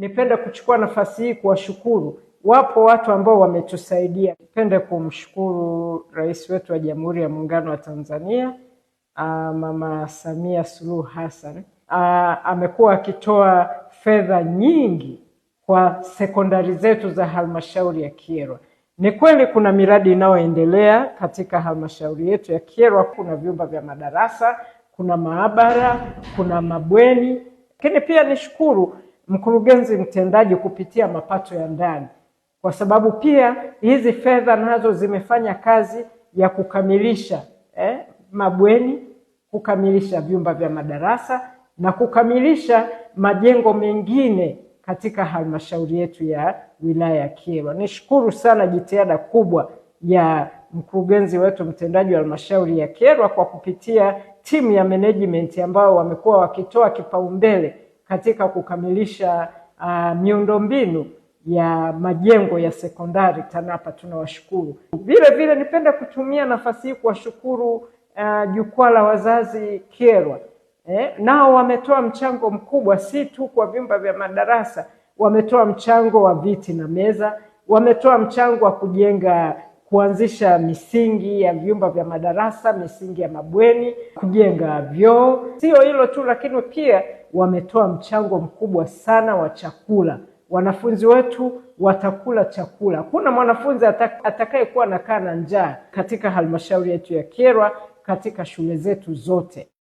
nipende kuchukua nafasi hii kuwashukuru. Wapo watu ambao wametusaidia. Nipende kumshukuru Rais wetu wa Jamhuri ya Muungano wa Tanzania aa, ah, Mama Samia Suluhu Hassan ah, amekuwa akitoa fedha nyingi kwa sekondari zetu za halmashauri ya Kyerwa. Ni kweli kuna miradi inayoendelea katika halmashauri yetu ya Kyerwa. Kuna vyumba vya madarasa, kuna maabara, kuna mabweni, lakini pia nishukuru mkurugenzi mtendaji kupitia mapato ya ndani, kwa sababu pia hizi fedha nazo zimefanya kazi ya kukamilisha eh, mabweni, kukamilisha vyumba vya madarasa na kukamilisha majengo mengine katika halmashauri yetu ya wilaya ya Kyerwa. Nishukuru sana jitihada kubwa ya mkurugenzi wetu mtendaji wa halmashauri ya Kyerwa kwa kupitia timu ya management ambao wamekuwa wakitoa kipaumbele katika kukamilisha uh, miundombinu ya majengo ya sekondari TANAPA tunawashukuru. Vile vile nipenda kutumia nafasi hii kuwashukuru uh, jukwaa uh, la wazazi Kyerwa eh, nao wametoa mchango mkubwa, si tu kwa vyumba vya madarasa, wametoa mchango wa viti na meza, wametoa mchango wa kujenga kuanzisha misingi ya vyumba vya madarasa, misingi ya mabweni, kujenga vyoo. Sio hilo tu, lakini pia wametoa mchango mkubwa sana wa chakula. Wanafunzi wetu watakula chakula. Hakuna mwanafunzi atakayekuwa nakaa na njaa katika halmashauri yetu ya Kyerwa, katika shule zetu zote.